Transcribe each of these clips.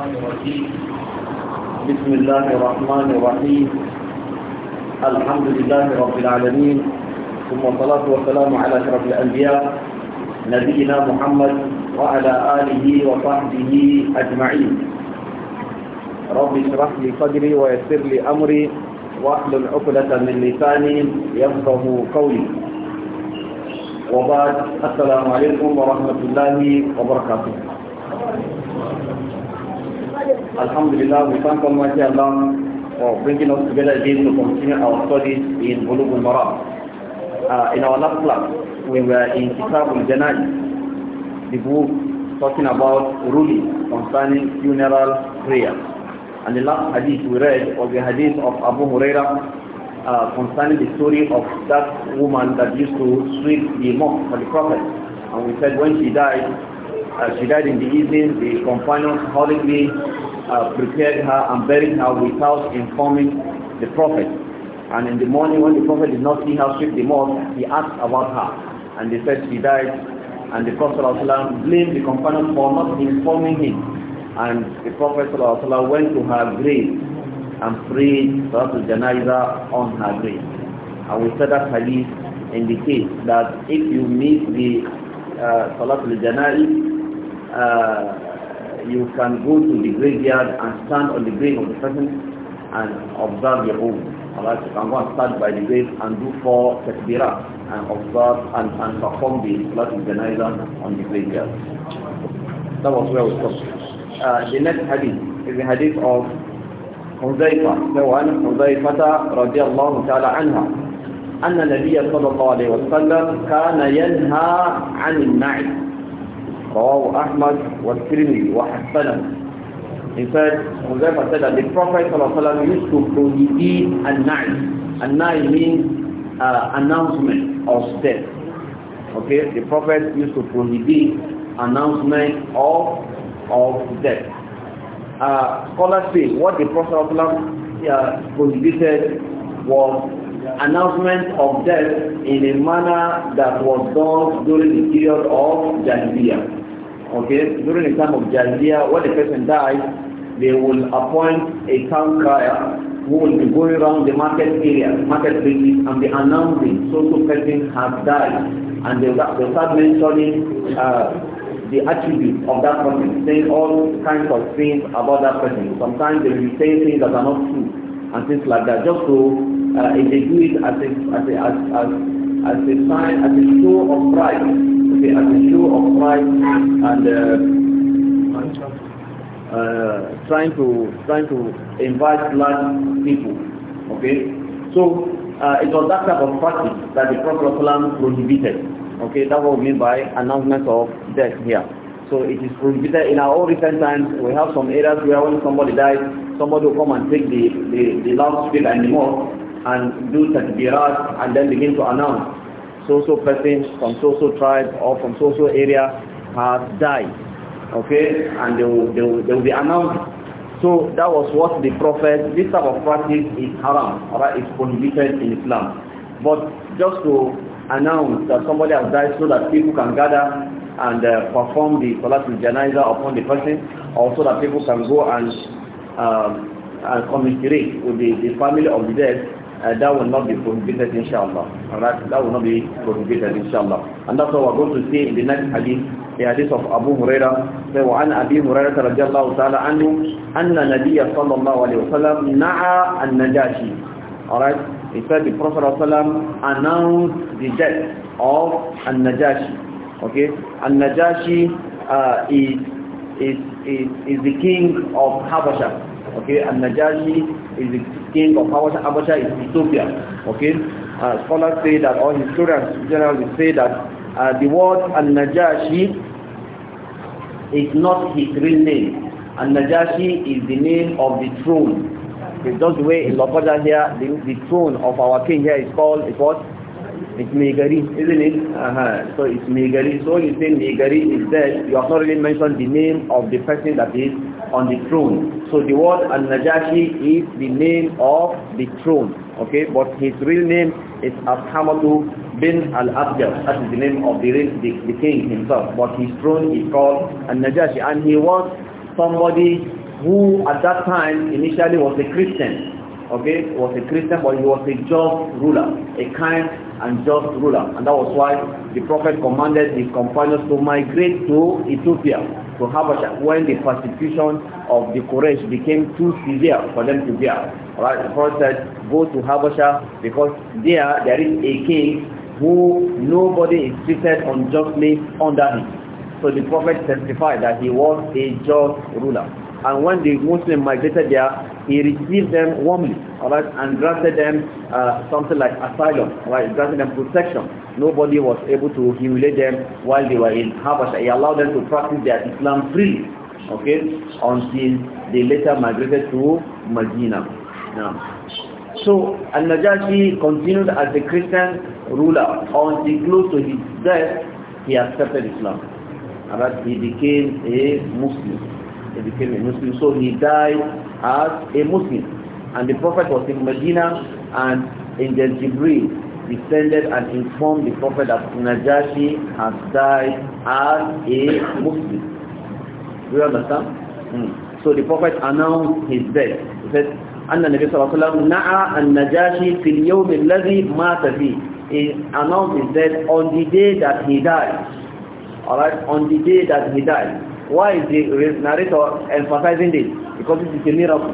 الشيطان الرجيم بسم الله الرحمن الرحيم الحمد لله رب العالمين ثم الصلاة والسلام على أشرف الأنبياء نبينا محمد وعلى آله وصحبه أجمعين رب اشرح لي صدري ويسر لي أمري واحلل عقدة من لساني يفقه قولي وبعد السلام عليكم ورحمة الله وبركاته Alhamdulillah, we thank Almighty Allah for bringing us together again to continue our studies in Bulugh Uh, in our last class, we were in Kitab al-Janaj, the book talking about ruling concerning funeral prayer. And the last hadith we read was the hadith of Abu Huraira uh, concerning the story of that woman that used to sweep the mosque for the Prophet. And we said when she died, uh, she died in the evening, the companions hurriedly uh, prepared her and buried her without informing the Prophet. And in the morning when the Prophet did not see her sweep the mosque, he asked about her. And they said she died. And the Prophet ﷺ blamed the companion for not informing him. And the Prophet ﷺ went to her grave and prayed Salatul Janaiza on her grave. And we said that hadith indicates that if you meet the uh, Salatul Janaiz, uh, you can go to the graveyard and stand on the grave of the person and observe your own. Alright, you can go and stand by the grave and do four takbirah and observe and, and perform the Salat al-Janaiza on the graveyard. That was where we stopped. Uh, the next hadith is the hadith of حذيفة لو أن حذيفة رضي الله تعالى عنها أن النبي صلى الله عليه وسلم كان ينهى عن النعي رواه أحمد والترمذي وحسنه In fact, Huzaifa said that the Prophet ﷺ used to prohibit an-na'i. An-na'i means uh, announcement of death. Okay, the Prophet used to prohibit announcement of of death. Uh, scholars say what the Prophet ﷺ uh, prohibited was announcement of death in a manner that was done during the period of Jahiliyyah okay, during the time of Jahiliyyah, when the person dies, they will appoint a town crier who will be going around the market area, market place, and be announcing so-so person has died. And they'll, they'll start mentioning uh, the attributes of that person, saying all kinds of things about that person. Sometimes they will say things that are not true and things like that, just so uh, they do it as a, as, a, as, as, as a sign, as a show of pride okay, issue show of pride and uh, uh, trying to trying to invite large people. Okay, so uh, it was that type of practice that the Prophet prohibited. Okay, that was mean by announcement of death here. So it is prohibited in our own recent times. We have some areas where when somebody dies, somebody will come and take the the, the loudspeaker and the mosque and do takbirat and then begin to announce so-so person from so-so tribe or from so-so area has died. Okay? And they will, they, will, they will be announced. So that was what the Prophet, this type of practice is haram, alright, it's prohibited in Islam. But just to announce that somebody has died so that people can gather and uh, perform the Salatul Janaiza upon the person, or so that people can go and, um, and commiserate with the, the family of the dead, Uh, that will not be prohibited inshallah. Alright, that will not be prohibited inshallah. And that's what we're going to see in the next hadith, the hadith of Abu Huraira. Say, وعن أبي هريرة رضي الله تعالى عنه أن النبي صلى الله عليه وسلم Najashi." النجاشي. Alright, he said the Prophet وسلم announced the death of An-Najashi. Okay, An-Najashi uh, is, is, is, is the king of Habasha. Okay, and Najashi is the king of Habasha is Ethiopia. Okay, uh, scholars say that, or historians generally say that uh, the word and najashi is not his real name. And najashi is the name of the throne. It's just the way in Lokoja here, the, the throne of our king here is called, it was It's me isn't it? Uh -huh. So it's me So you say me is that you have not really mentioned the name of the person that is on the throne. So the word Al-Najashi is the name of the throne. Okay, but his real name is Ashamatu bin Al-Abjad. That is the name of the, the, the king himself. But his throne is called Al-Najashi. And he was somebody who at that time initially was a Christian okay, was a Christian, but he was a just ruler, a kind and just ruler. And that was why the Prophet commanded his companions to migrate to Ethiopia, to Habasha, when the persecution of the Quraysh became too severe for them to bear. Right, the Prophet said, go to Habasha because there, there is a king who nobody is treated unjustly under him. So the Prophet testified that he was a just ruler. and when the Muslims migrated there, he received them warmly, all right, and granted them uh, something like asylum, right, granted them protection. Nobody was able to humiliate them while they were in Habasha. He allowed them to practice their Islam freely, okay, until they later migrated to Medina. Now, so Al-Najashi continued as a Christian ruler until close to his death, he accepted Islam. All right, he became a Muslim he became a Muslim. So he died as a Muslim. And the Prophet was in Medina and Angel He descended and informed the Prophet that Najashi has died as a Muslim. Do you understand? Mm. So the Prophet announced his death. He said, أن النبي صلى الله عليه وسلم نعى النجاشي في اليوم الذي مات فيه. He announced his death on the day that he died. Alright, on the day that he died. Why is the narrator emphasizing this? Because this is a miracle.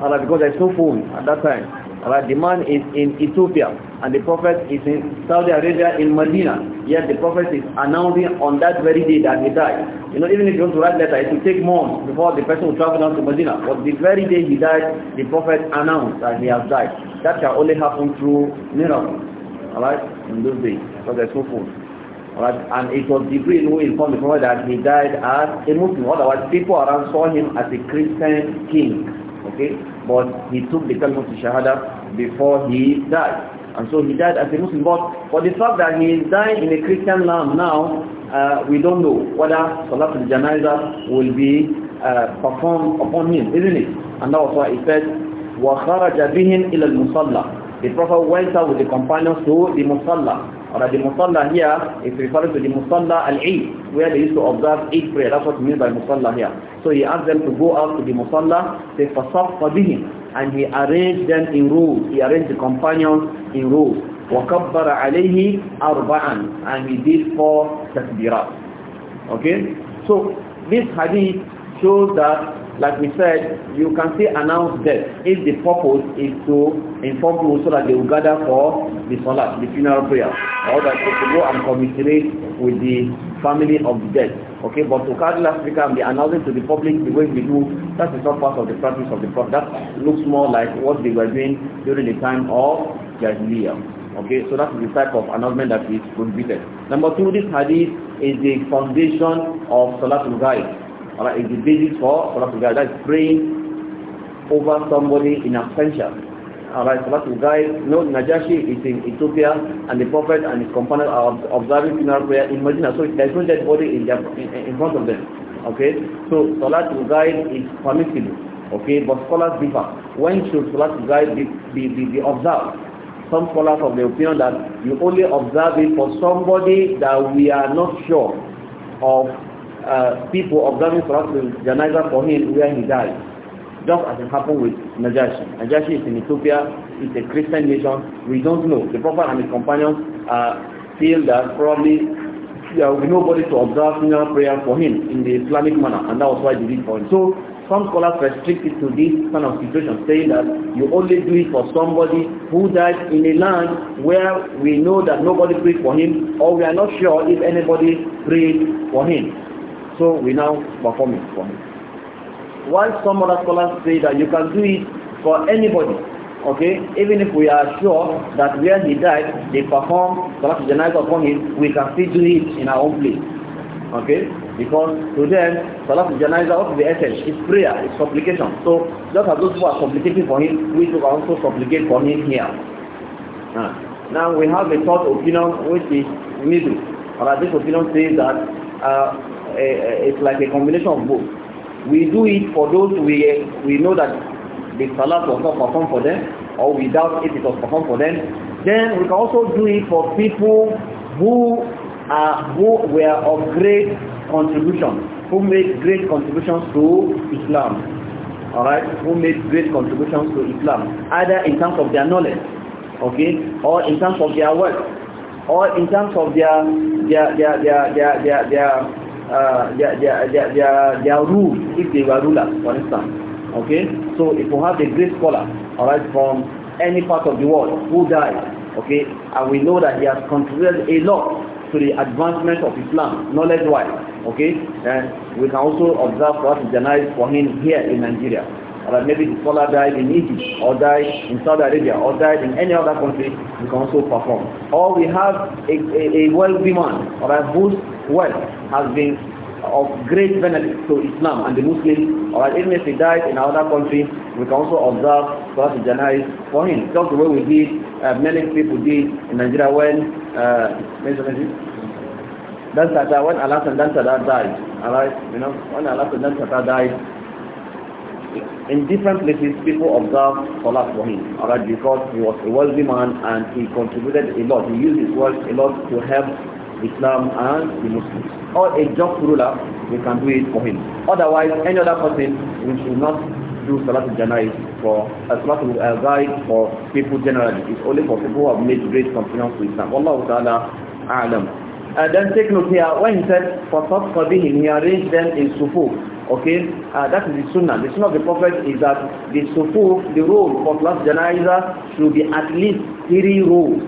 Allah, because there's no food at that time. Allah, the man is in Ethiopia and the prophet is in Saudi Arabia in Medina. Yet the prophet is announcing on that very day that he died. You know, even if you want to write letter, it will take months before the person will travel down to Medina. But the very day he died, the prophet announced that he has died. That can only happen through miracle. Alright? In those days. Because there's no food. Right? And it was Jibril who informed the Prophet that he died as a Muslim. Otherwise, people around saw him as a Christian king. Okay? But he took the Kalmah to Shahada before he died. And so he died as a Muslim. But for the fact that he is dying in a Christian land now, uh, we don't know whether Salatul Janaiza will be uh, performed upon him, isn't it? And that was why he said, وَخَرَجَ بِهِمْ إِلَى The Prophet went out with the companions to the Musalla or the Musalla here is referring to the Musalla al-Eid, where they used to observe Eid prayer. That's what means by Musalla here. So he asked them to go out to the Musalla, they for fadihim, and he arranged them in rows. He arranged the companions in rows. وَكَبَّرَ عَلَيْهِ أَرْبَعًا And he did four takbirat. Okay? So this hadith shows that like we said, you can say announce death if the purpose is to inform people so that they will gather for the salat, the funeral prayer, or that they go and commiserate with the family of the dead. Okay, but to carry last week and be announcing to the public the way we do, that is not part of the practice of the Prophet. That looks more like what they were doing during the time of Jahiliyyah. Okay, so that is the type of announcement that is prohibited. Number two, this hadith is the foundation of Salatul Ghaib Alright, is the basis for Salatul Ghaib. That is praying over somebody in absentia. Alright, Salatul Ghaib. No, Najashi is in Ethiopia and the Prophet and his companions are observing funeral prayer in Medina. So there is no dead body in, their, in, in front of them. Okay, so to guide is permissible. Okay, but scholars differ. When should Salatul Ghaib be, be, be, be observed? some scholars of the opinion that you only observe it for somebody that we are not sure of uh, people observing Salatul Janaza for him where he died. Just as it happened with Najashi. Najashi is in Ethiopia, it's a Christian nation. We don't know. The Prophet and his companions uh, feel that probably there will be nobody to observe funeral prayer for him in the Islamic manner, and that was why they did for him. So some scholars restrict it to this kind of situation, saying that you only do it for somebody who died in a land where we know that nobody prayed for him, or we are not sure if anybody prayed for him. So we now perform it for him. While some other scholars say that you can do it for anybody, okay, even if we are sure that where he died, they perform Salat Janaiza upon him, we can still do it in our own place. Okay? Because to them, Salat Janaiza of the essence is prayer, it's supplication. So just as those who are supplicating for him, we should also supplicate for him here. Uh, now we have a third opinion which is middle. Alright, this opinion says that uh, uh, it's like a combination of both. We do it for those we uh, we know that the salat was not performed for them, or we doubt if it was performed for them. Then we can also do it for people who are who were of great contribution, who made great contributions to Islam. All right, who made great contributions to Islam, either in terms of their knowledge, okay, or in terms of their work, or in terms of their their their their their their, their uh, their, their, their, their, their rule if they were rulers, for instance. Okay? So if we have a great scholar, alright, from any part of the world who died, okay, and we know that he has contributed a lot to the advancement of Islam, knowledge-wise, okay, and we can also observe what is denied for him here in Nigeria. Or right? maybe the scholar died in Egypt, or died in Saudi Arabia, or died in any other country, we can also perform. Or we have a, a, a wealthy man, or right, whose wealth has been of great benefit to Islam and the Muslims. Or even if he died in another country, we can also observe to Janais for him. Just the way we did, uh, many people did in Nigeria when uh, Dan Tata, when Alassane Dan Tata died, alright, you know, when Alassane Dan Tata died, in different places people observe Salat for him, alright, because he was a wealthy man and he contributed a lot. He used his wealth a lot to help Islam and the Muslims. Or a just ruler, we can do it for him. Otherwise, any other person, we should not do Salat al-Janais for uh, Salat al-Ghaib uh, for people generally. It's only for people who have made great confidence to Islam. Allah ta'ala a'lam. And uh, then take note here, when he said, for Fatqa Bihim, he arranged them in Sufu. Okay, uh, that is the Sunnah. The Sunnah of the Prophet is that the Sufu, the role for Salat Janaiza should be at least three rows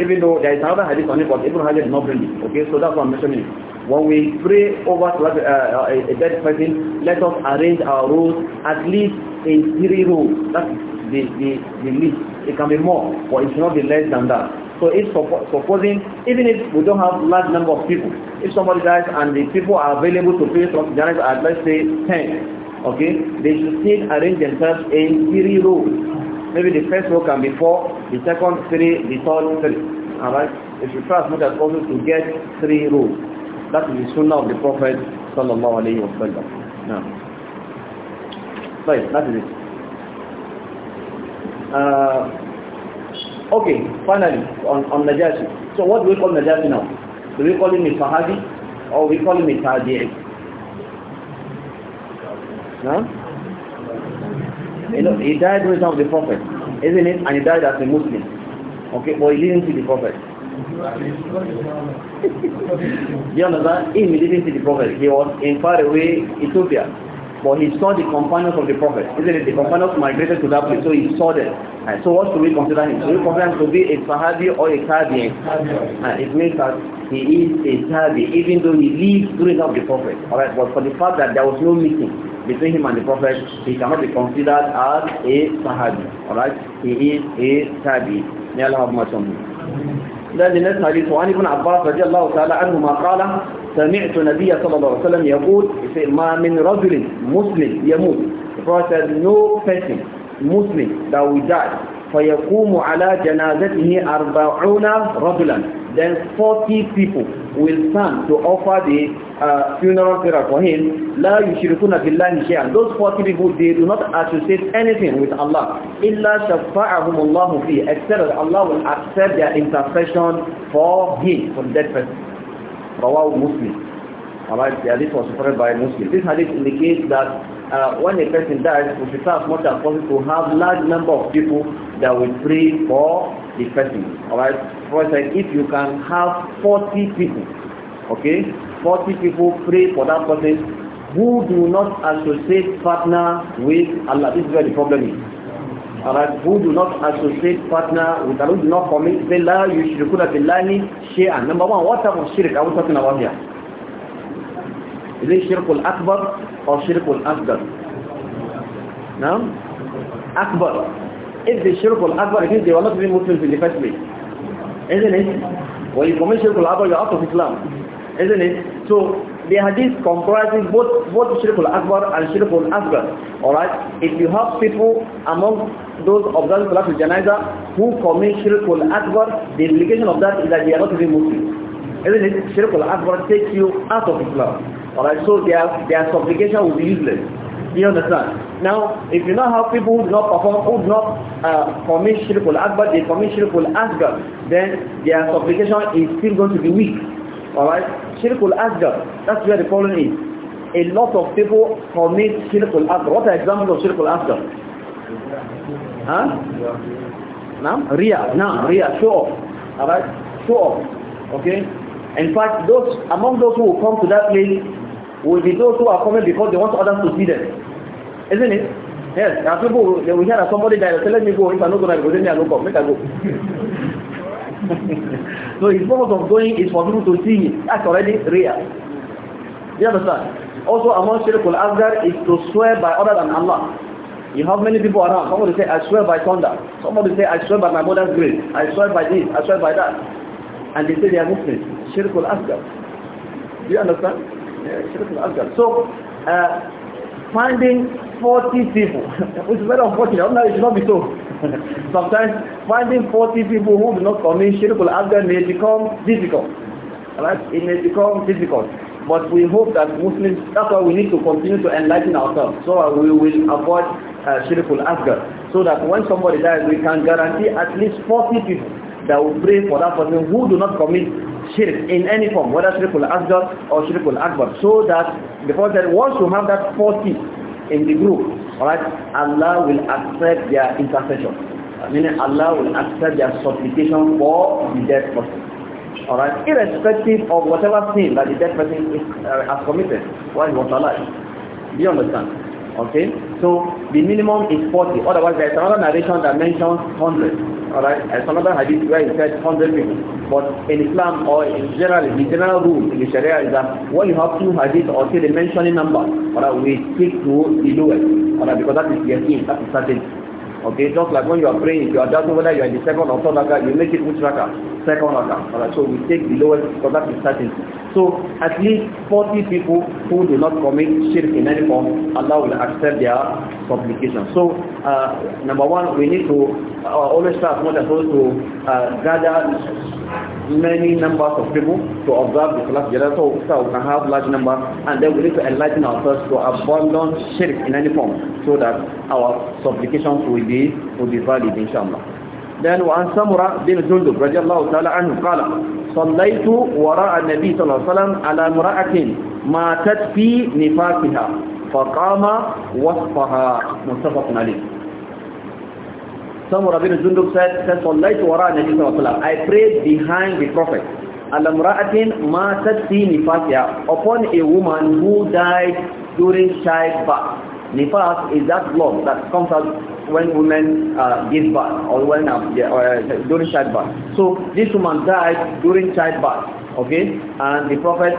even though there is another hadith on it, but Ibn Hajar did not bring Okay, so that's what I'm mentioning. When we pray over uh, uh, a dead person, let us arrange our rows at least in three rows. That's the, the, the least. It can be more, but it should not be less than that. So if supposing, even if we don't have large number of people, if somebody dies and the people are available to pray from Janet at let's say 10, okay, they should still arrange themselves in three rows. Maybe the first row can be four, the second three, the third three. Alright? It refers much as also to get three rules. That is the sunnah of the Prophet sallallahu alayhi wa sallam. Now. So that is it. Uh, okay, finally, on, on Najashi. So what do we call Najashi now? Do we call him a Sahabi or we call him a Tabi'i? No? He died with of the Prophet. isn't it? And he died as a Muslim. Okay, but he didn't see the Prophet. you understand? Him, he didn't see the Prophet. He was in far away Ethiopia. But he saw the companions of the Prophet. Isn't it? The companions migrated to that place, so he saw them. And so what should we consider him? Should we consider him to be a Sahabi or a Tabi'in? And it means that he is a Tabi, even though he lived during of the Prophet. Alright, but for the fact that there was no meeting, between him and the Prophet, he cannot be considered as a Sahabi. Alright? He is a Sahabi. May Allah have mercy on him. Then the next hadith, وعن ابن عباس رضي الله تعالى عنهما قال سمعت نبي صلى الله عليه وسلم يقول ما من رجل مسلم يموت. The Prophet said, no person Muslim that will die فيقوم على جنازته أربعون رجلا then 40 people will stand to offer the uh, funeral prayer for him لا يشركون بالله شيئا those 40 people they do not associate anything with Allah إلا شفاعهم الله فيه except that Allah will accept their intercession for him for that person رواه مسلم alright yeah, this was referred by Muslim this hadith indicates that uh, when a person dies, we prefer as much as possible to have large number of people that will pray for the person. Alright? For example, if you can have 40 people, okay, 40 people pray for that person who do not associate partner with Allah. This is where the problem is. Alright, who do not associate partner with Allah, who do not commit Bella, you should put at line. Share Number one, what type of shirk are we talking about here? Is it shirkul akbar or shirkul akbar now akbar if the shirkul akbar it means they were not even Muslims in the first place isn't it when you commit shirkul akbar you're out of Islam isn't it so the hadith comprises both both shirkul akbar and shirkul asghar all right if you have people among those observing salat janaza who commit shirkul akbar the implication of that is that they are not even Muslims. isn't it shirkul akbar takes you out of islam Alright, so their, their supplication will be useless. You understand? Now, if you know have people who do not perform, who do not uh, commit shirkul akbar, they commit shirkul asgar, then their supplication is still going to be weak. Alright? Shirkul asgar, that's where the problem is. A lot of people commit shirkul asgar. What are examples of shirkul asgar? Huh? Now? Ria. Now, Ria. Show off. Alright? Show off. Okay? In fact, those among those who will come to that place will be those who are coming because they want others to see them. Isn't it? Yes, now people, they will hear that somebody died, say, let me go, if I'm not going to go, then I don't come, make I go. so his purpose of going is for people to see it. That's already real. Do you understand? Also among Shirkul Asgar is to swear by other than Allah. You have many people around. Somebody say, I swear by thunder. Somebody say, I swear by my mother's grave. I swear by this. I swear by that. And they say they are Muslims. Shirkul Asgar. Do you understand? Shirk al-Asghar. So, uh, finding 40 people, which is very unfortunate, ordinarily it should not be so. Sometimes finding 40 people who do not commit Shirk al-Asghar may become difficult. Right? It may become difficult. But we hope that Muslims, that's why we need to continue to enlighten ourselves. So we will avoid uh, Shirk al-Asghar. So that when somebody dies, we can guarantee at least 40 people that will pray for that person who do not commit shirk in any form, whether shirk al God or shirk al-akbar, so that because there wants to have that forty in the group, alright, Allah will accept their intercession. Meaning Allah will accept their supplication for the dead person. Alright, irrespective of whatever sin that the dead person is, uh, has committed while he was alive. Do you understand? Okay? So the minimum is forty. Otherwise, there is another narration that mentions 100. Alright? There's another hadith where it says hundred people. But in Islam or in general, the general rule in the Sharia is that when you have two hadith or say the mentioning number, alright, we stick to the lowest. Alright? Because that is the yaqeen, that is certain. Okay, just like when you are praying, if you are doubting whether you are in the second or third raka, you make it which raka? Second raka. Alright, so we take the lowest because that is certain. So at least 40 people who do not commit shirk in any form, Allah will accept their supplication. So uh, number one, we need to uh, always start not to uh, gather many numbers of people to observe the Salat Jada so, we can have large number and then we need to enlighten ourselves to abandon shirk in any form so that our supplications will be, will be valid inshallah. Then وعن سمرة بن جندب رضي الله taala عنه qala. صليت وراء النبي صلى الله عليه وسلم على امرأة ماتت في نفاقها فقام وصفها متفق عليه سمو ربيع الزندق said صليت وراء النبي صلى الله عليه وسلم I prayed behind the prophet على امرأة ماتت في نفاقها upon a woman who died during childbirth Nifas is that blood that comes out when women uh, give birth or when uh, or, uh, during childbirth. So this woman died during childbirth, okay? And the Prophet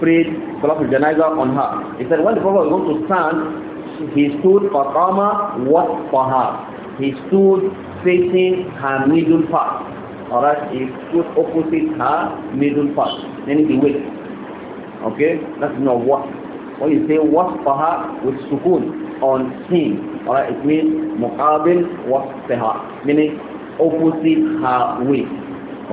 prayed Salatul janaza on her. He said when the Prophet was going to stand, he stood for karma, what for her. He stood facing her middle part. Alright, he stood opposite her middle part, meaning the waist. Okay, that's not what when you say wasfaha with sukun on him, alright, it means muqabil wasfaha, meaning opposite her way.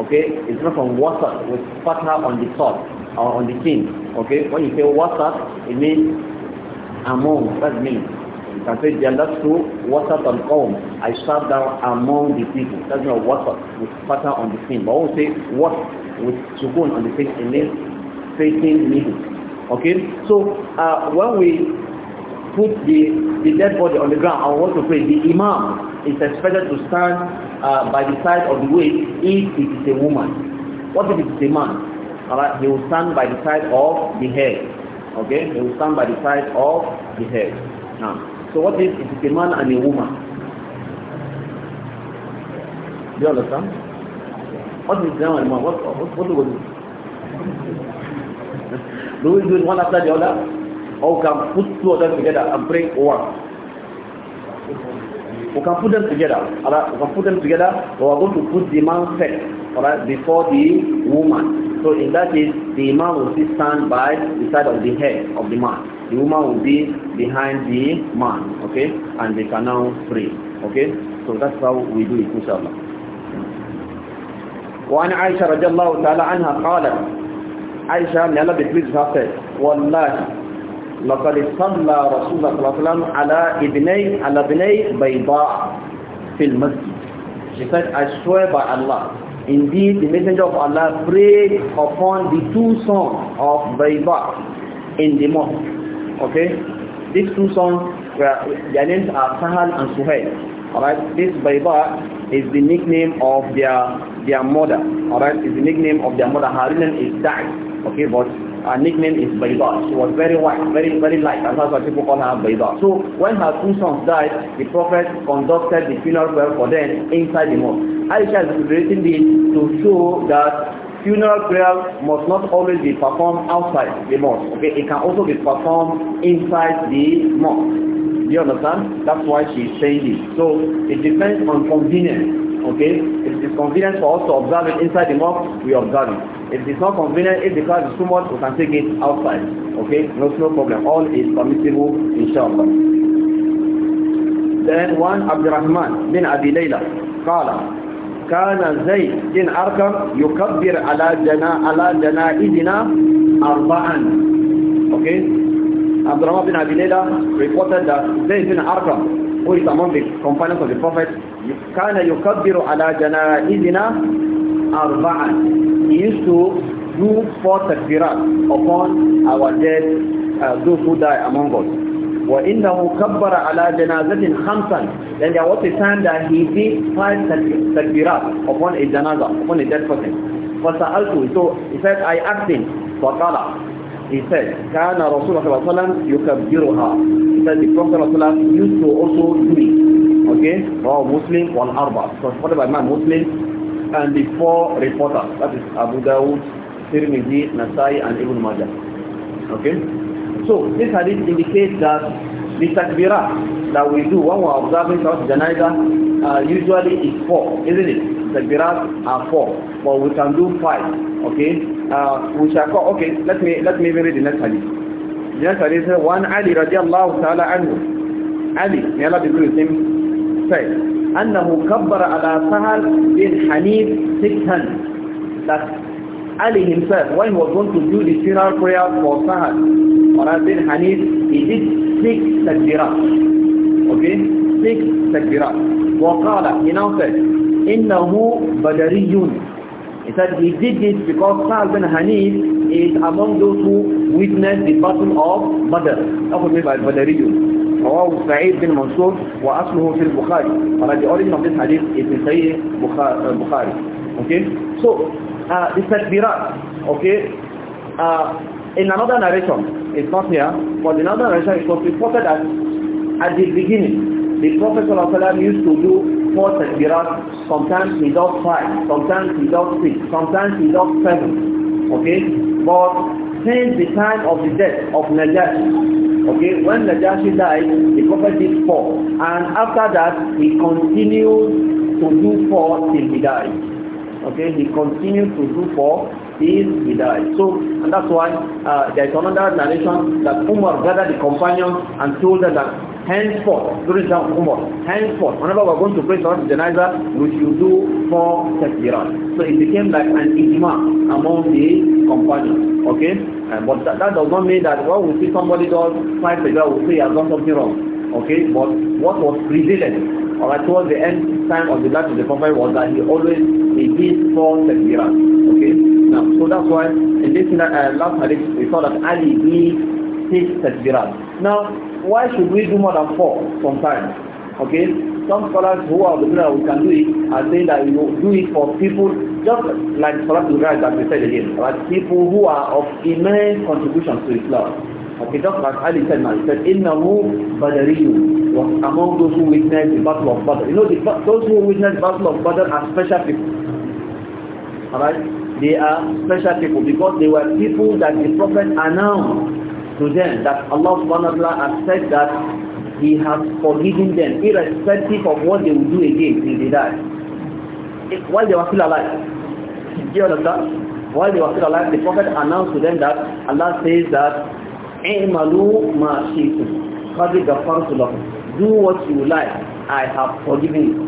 Okay, it's not from wasat with fatha on the top or on the king. Okay, when you say wasat, it means among. That means you can say jalas to wasat al qawm. I sat down among the people. That's not wasat with fatha on the king. But when we say what with sukun on the face, it means facing middle. Okay? So, uh, when we put the, the dead body on the ground and want to pray, the imam is expected to stand uh, by the side of the way if it is a woman. What if it is a man? Alright, he will stand by the side of the head. Okay? He will stand by the side of the head. Now, so what if it is a man and a woman? Do you understand? What is the man What, what, what do we do? luy duñ wala da jola aw kam futtu da gada am break wa ko kam futtu da gada ala ko kam futtu da gada wa go to put the man set ala before the woman so in that is the man will be stand by the side of the head of the man the woman will be behind the man okay and they can now pray okay so that's how we do it inshallah وعن عائشة رضي الله تعالى عنها قالت Aisha, may Allah be pleased with her, Wallahi, لقد صلى رسول الله صلى الله عليه وسلم على ابني على في المسجد. She said, I swear by Allah. Indeed, the messenger of Allah prayed upon the two sons of Bayba in the mosque. Okay? These two sons, were, their names are Sahal and Suhail. Alright? This Bayba is the nickname of their their mother. Alright? Is the nickname of their mother. Her name is Da'i. Okay, but her nickname is Baida. She was very white, very, very light, and that's why people call her Baida. So when her two sons died, the prophet conducted the funeral prayer for them inside the mosque. Aisha is relating this to show that funeral prayer must not always be performed outside the mosque. Okay, it can also be performed inside the mosque. Do you understand? That's why she's saying this. So it depends on convenience. Okay? If it is convenient for us to observe it inside the mosque, we observe it. If it is not convenient, if the crowd is too much, we can take it outside. Okay? No, no problem. All is permissible, inshallah. Then one Abdurrahman bin Abi Layla قال كان زيد بن أركم يكبر على جنا على جنائزنا أربعا. Okay? Abdurrahman bin Abi reported that Zayd bin Arqam who is among the companions of the Prophet, كَانَ يُكَبِّرُ عَلَى جَنَائِذِنَا أَرْبَعًا He used to do four takbirat upon our dead, uh, those who die among us. Wa وَإِنَّهُ كَبَّرَ عَلَى janazatin خَمْسًا Then there was a time that he did five takbirat upon a janaza, upon a dead person. فَسَأَلْتُ So he said, I asked him, فَقَالَ he said, كان رسول الله صلى الله عليه وسلم يكبرها. He said, the Prophet صلى الله عليه used to also do it. Okay? Raw Muslim, one arba. So supported by man Muslim and the four reporters. That is Abu Dawud, Tirmidhi, Nasai and Ibn Majah. Okay? So this hadith indicates that the takbirah that we do when we are observing Salat Janaidah uh, usually is four, isn't it? takbirat are four, but we can do five. Okay, uh, we shall call. Okay, let me let me read the next hadith. The next hadith says, "One Ali radiallahu taala anhu, Ali may Allah be pleased him, said, أنه كبر على سهل بن حنيف سكتا that Ali himself, when he was going to do the funeral prayer for Sahal, Farah bin Hanif, he did six takbirat. Okay? Six takbirat. وقال, he now said, إنه بدري He said he did this because Sa'ad bin Hanif is among those who witnessed the battle of Badr. That was made by Badariyun. Sa'id سعيد Mansur wa وأصله في Bukhari. But the origin of this hadith is in Sayyid Bukhari. Okay? So, uh, the takbirat, okay? Uh, in another narration, it's not here, but in another narration it was reported that at the beginning, the Prophet ﷺ used to do perform takbirat, sometimes without five, sometimes without six, sometimes without seven. Okay? But since the time of the death of Najashi, okay, when Najashi died, the Prophet did four. And after that, he continued to do four till he died. Okay, he continued to do four is he died. So, and that's why uh, there is another narration that Umar gathered the companions and told them that henceforth, during the time of Umar, henceforth, whenever we are going to pray Salat Janaiza, we should do four takbirat. So it became like an ijma among the companions. Okay? Uh, but that, that, does not mean that when we see somebody does five takbirat, we say he has done something wrong okay but what was prevalent alright towards the end time of the life of the prophet was that he always he did four takbirat okay now so that's why in this uh, last hadith we saw that Ali did six takbirat now why should we do more than four sometimes okay some scholars who are the we can do it are saying that you do it for people just like Salat guys that we said again right people who are of immense contribution to Islam Okay, just like Ali said now, he said, إِنَّهُ بَدَرِيُّ was among those who witnessed the battle of Badr. You know, the, those who witnessed battle of Badr are special people. Alright? They are special people because they were people that the Prophet announced to them that Allah subhanahu wa ta'ala has said that He has forgiven them irrespective of what they will do again if they die. while they were still alive. Do you understand? While they were still alive, the Prophet announced to them that Allah says that i'malu ma shi'tum qad ghafartu lakum do what you like i have forgiven you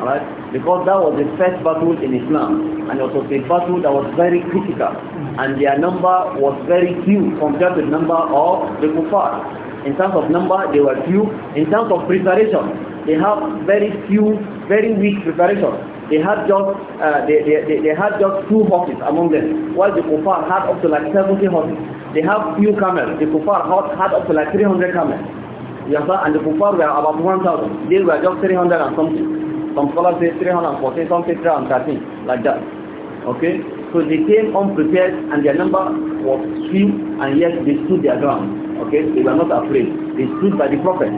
all right because that was the first battle in islam and it was a battle that was very critical and their number was very few compared to the number of the kuffar in terms of number they were few in terms of preparation they have very few very weak preparation they had just uh, they, they, they, had just two horses among them while the kuffar had up to like 70 horses they have few camels the kuffar had, had up to like 300 camels you understand and the kuffar were about 1000 they were just 300 and something some scholars say 340 some say 313 like that okay so they came unprepared and their number was few and yet they stood their ground okay they were not afraid they stood by the prophet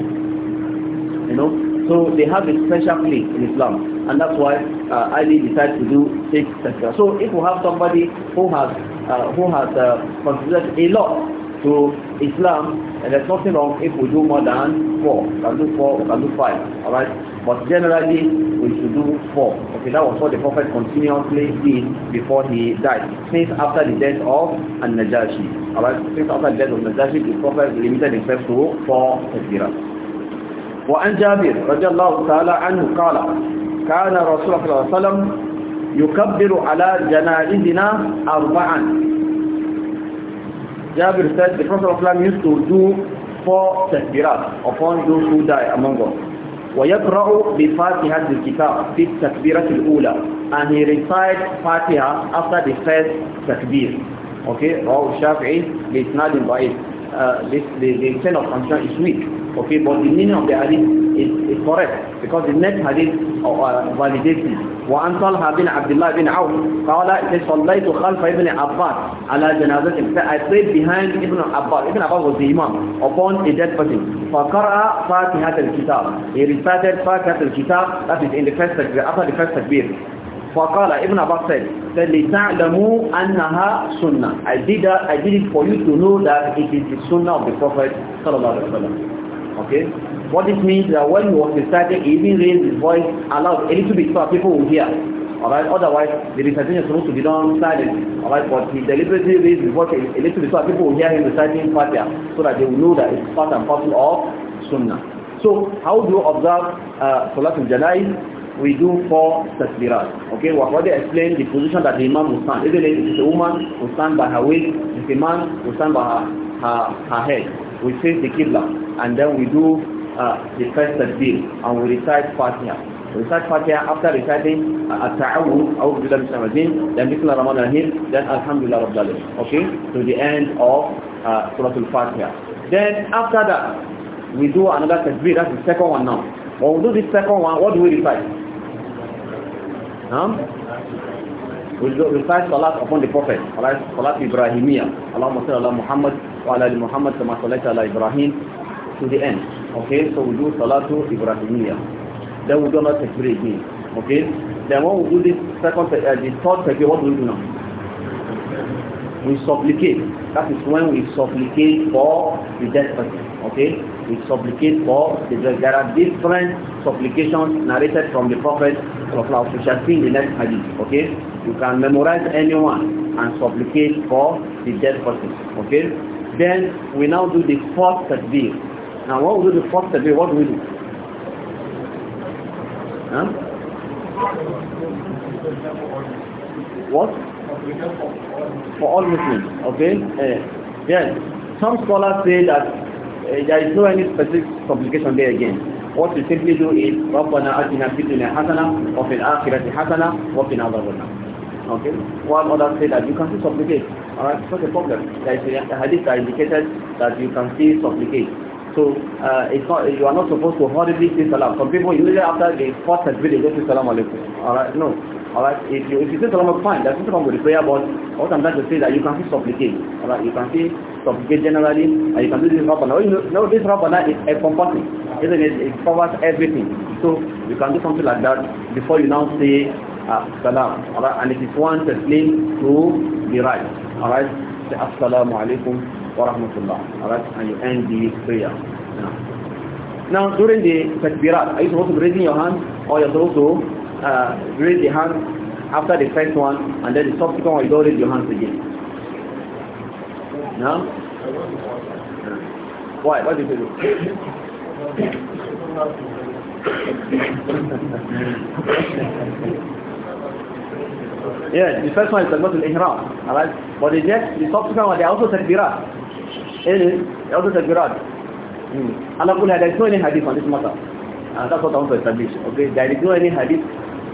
you know So they have a special place in Islam. And that's why uh, Ali decided to do six takbir. So if we have somebody who has, uh, who has uh, considered a lot to Islam, and there's nothing wrong if we do more than four. We can do four, we can do five. Alright? But generally, we should do four. Okay, that was what the Prophet continuously did before he died. Since after the death of An-Najashi. Alright? Since after the death of Najashi, the Prophet limited himself to four takbirahs. وعن جابر رضي الله تعالى عنه قال كان رسول الله صلى الله عليه وسلم يكبر على جنائزنا أربعا جابر said the Prophet of Islam used to do four تكبيرات upon those who die among us ويقرأ بفاتحة الكتاب في التكبيرة الأولى and he recited فاتحة after the first تكبير okay رواه الشافعي بإسناد ضعيف Uh, this, the, the channel function is weak Okay, but the meaning of the hadith is, is correct because the next hadith uh, uh, validates it. وعن طلحة بن عبد الله بن عوف قال صليت خلف ابن عباس على جنازته I prayed behind ابن عباس ابن عباس was the imam upon a dead person. فقرأ فاتحة الكتاب. He recited فاتحة الكتاب that is in the first takbir, after the first takbir. فقال ابن عباس said, said لتعلموا أنها سنة. I did, that, I did it for you to know that it is the sunnah of the Prophet صلى الله عليه وسلم. Okay? What this means that when he was reciting, he even raised his voice aloud a little bit so people will hear. Alright, otherwise the recitation is supposed to be done silent. Alright, but he deliberately raised his voice a little bit so people will hear him reciting Fatiha so that they will know that it's part and parcel of Sunnah. So how do you observe uh, Salatul Janaiz? we do four tasbirat. Okay, we already explained the position that the imam will stand. Either it's a woman will stand by her waist, if a man will stand by her, her, her head. we face the Qibla and then we do uh, the first tasbih and we recite Fatiha recite Fatiha after reciting uh, At-Ta'awud, A'udhu Billah Mishra Mazin, then Bismillah Ramadan Rahim, then Alhamdulillah Rabbil Alim. Okay? To the end of uh, Surah Al-Fatiha. Then after that, we do another tasbih, that's the second one now. When we do this second one, what do we recite? Um, We recite Salat upon the Prophet, Salat Ibrahimiyya, Allahumma salli ala Muhammad, وعلى ال محمد كما صليت على إبراهيم to the end okay so we do salatu ibrahimiyya then we do not takbir again okay then when we do this second uh, the third takbir what do we do now we supplicate that is when we supplicate for the dead person okay we supplicate for the dead. there are different supplications narrated from the prophet sallallahu we shall see in the next hadith okay you can memorize anyone and supplicate for the dead person okay then we now do the fourth tadbir. Now what we do the fourth tadbir, what do we do? Huh? What? For all Muslims, okay? Uh, eh, then some scholars say that uh, there is no any specific complication there again. What we simply do is رَبَّنَا أَتِنَا فِي الدُّنْيَا حَسَنَةً وَفِي الْآخِرَةِ حَسَنَةً وَقِنَا عَذَابَ النَّارِ Okay. One other say that you can still supplicate. Alright, it's not a problem. There is a hadith that indicated that you can still supplicate. So uh, it's not you are not supposed to horribly say salam. Some people usually after the first takbir they just say salam alaikum. Alright, no. Alright, if you if you say salam fine, that's not wrong with the prayer, but what I'm trying to say that you can still supplicate. Alright, you can still supplicate generally and you can do this Rabbana. You know, no, this Rabbana is encompassing, isn't it? It covers everything. So you can do something like that before you now say Ah, salam. Alright, and if it is one that claims to be right. Alright, say assalamu alaikum wa rahmatullah. Alright, and you end the prayer. Now, now during the takbirat, are you supposed to raise your hand or you're supposed to uh, raise the hand after the first one and then the subsequent one you don't raise your hands again? No? Why? What did you do? Yeah, the first one is Takbiratul Ihram. Alright? But the next, the subsequent one, they also Takbirat. They also Takbirat. Hmm. Allah Kulha, there is no any hadith on this matter. And ah, that's what I want to establish. Okay? There is no any hadith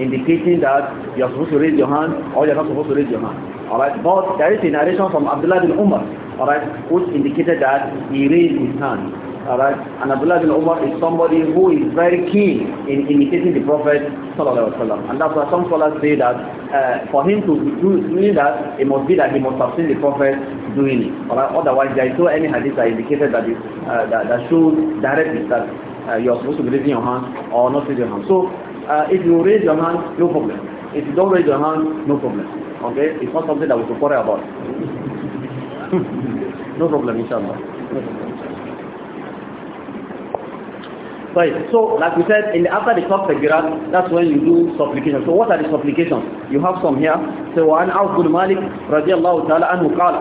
indicating that you are supposed to raise your hand or you are not supposed to raise your hand. Alright, but there is a narration from Abdullah bin Umar, alright, which indicated that he raised his hand. Alright? And Abdullah bin Umar is somebody who is very keen in imitating the Prophet And that's why some scholars say that uh, for him to do doing that, it must be that he must have seen the Prophet doing it. Alright? Otherwise, there is no any hadith that indicated that, uh, that, that shows directly that uh, you are supposed to be raising your hand or not raising your hand. So, uh, if you raise your hand, no problem. If you don't raise your hand, no problem. Okay? It's not something that we should worry about. no problem, inshallah. No problem. Right. So, like we said, in the, after the talk Tagirat, that's when you do supplication. So what are the supplications? You have some here. So, وعن عوف بن مالك رضي الله تعالى عنه قال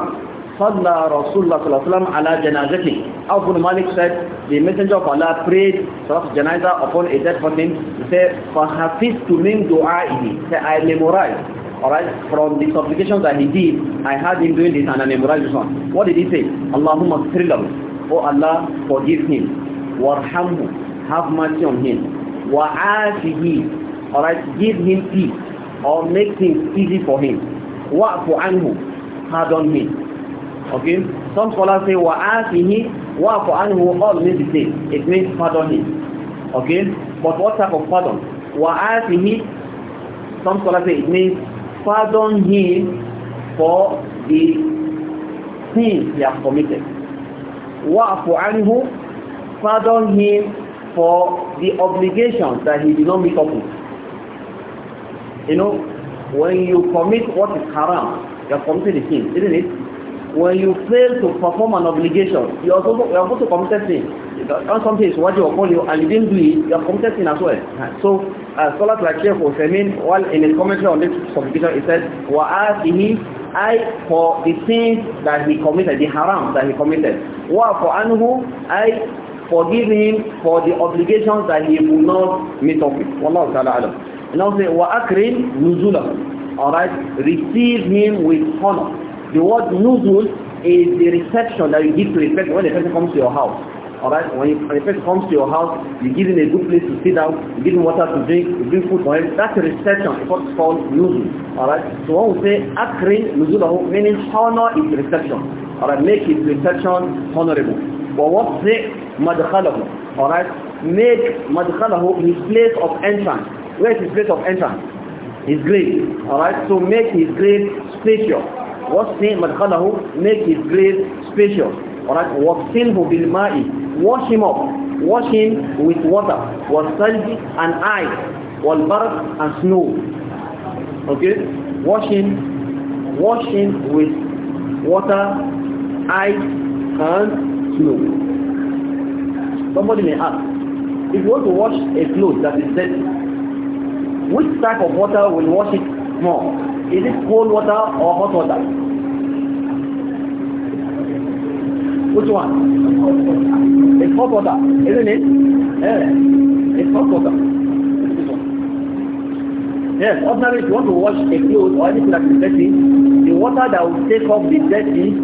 صلى رسول الله صلى الله عليه وسلم على جنازته عوف بن مالك said, the messenger of Allah prayed Salat Janaza upon a dead person. He said, فَحَفِظْتُ مِنْ دُعَائِهِ Say, I memorized. Alright, from the supplications that he did, I had him doing this and I memorized this one. What did he say? Allahumma srilam. Oh Allah, forgive him. Warhamhu have mercy on him. وَعَافِهِ Alright, give him peace or make things easy for him. وَعْفُ عَنْهُ Pardon him. Okay? Some scholars say وَعَافِهِ وَعْفُ عَنْهُ all means the same. It means pardon him. Okay? But what type of pardon? وَعَافِهِ Some scholars say it means pardon him for the sins he has committed. وَعْفُ عَنْهُ Pardon him for the obligations that he did not meet up with. You know, when you commit what is haram, you are committing a sin, isn't it? When you fail to perform an obligation, you are also you are also committed sin. On some things, what you are calling you, and you didn't do it, you are committed sin as well. So, uh, scholars like Sheikh Hussein, while in his commentary on this publication, he said, وَآتِهِ I for the sins that he committed, the haram that he committed. Wa for anhu I forgive him for the obligations that he will not meet up with. Wallahu ta'ala alam. And also, وَأَكْرِمْ نُزُولَهُ Alright, receive him with honor. The word nuzul is the reception that you give to a person when a person comes to your house. Alright, when, you, a person comes to your house, you give him a good place to sit down, you give him water to drink, you bring food for him. That's a reception. what's called nuzul. Alright, so when we say, أَكْرِمْ نُزُولَهُ meaning honor is reception. Alright, make his reception honorable. But what's it? madkhalahu. Alright? Make madkhalahu his place of entrance. Where is his place of entrance? His grave. Alright? So make his grave spacious. What's name madkhalahu? Make his grave spacious. Alright? Waqsilhu bil ma'i. Wash him up. Wash him with water. Wasalj and ice. Walbarq and snow. Okay? Wash him. Wash him with water, ice, and snow. Somebody may ask, if you want to wash a cloth that is dirty, which type of water will wash it more? Is it cold water or hot water? Which one? It's hot water, isn't it? Yeah. It's hot water. Yes, ordinarily if you want to wash a clothes or anything that is dirty, the water that will take off the dirty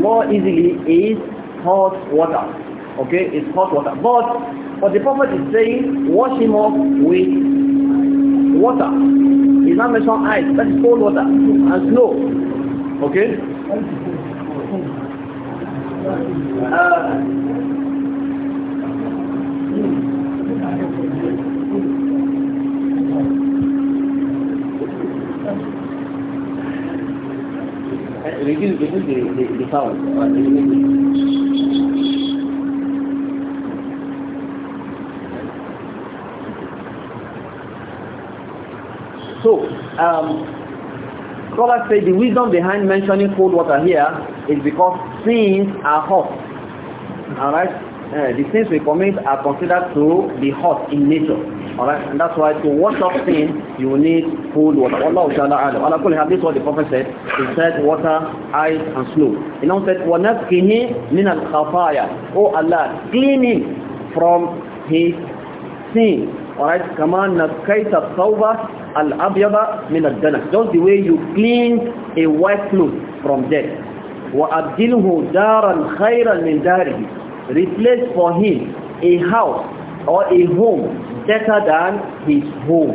more easily is hot water. Okay, it's hot water. But what the Prophet is saying, wash him off with water. He's not making ice, that is cold water and snow. Okay? Uh, reduce, reduce the, the, the sound. Uh, So, um, scholars say the wisdom behind mentioning cold water here is because sins are hot. Alright? Uh, the sins we commit are considered to be hot in nature. Alright? And that's why to wash off sin, you need cold water. Allah Ta'ala alam. Allah Kulli this is what the Prophet said. He said, water, ice, and snow. He now said, وَنَفْكِهِ مِنَ الْخَفَايَ Oh Allah, clean him from his sin. Alright? كَمَا نَفْكَيْتَ الثَّوْبَ al-abyada min ad-dana just the way you clean a white cloth from death wa abdilhu daran khayran min darihi replace for him a house or a home better than his home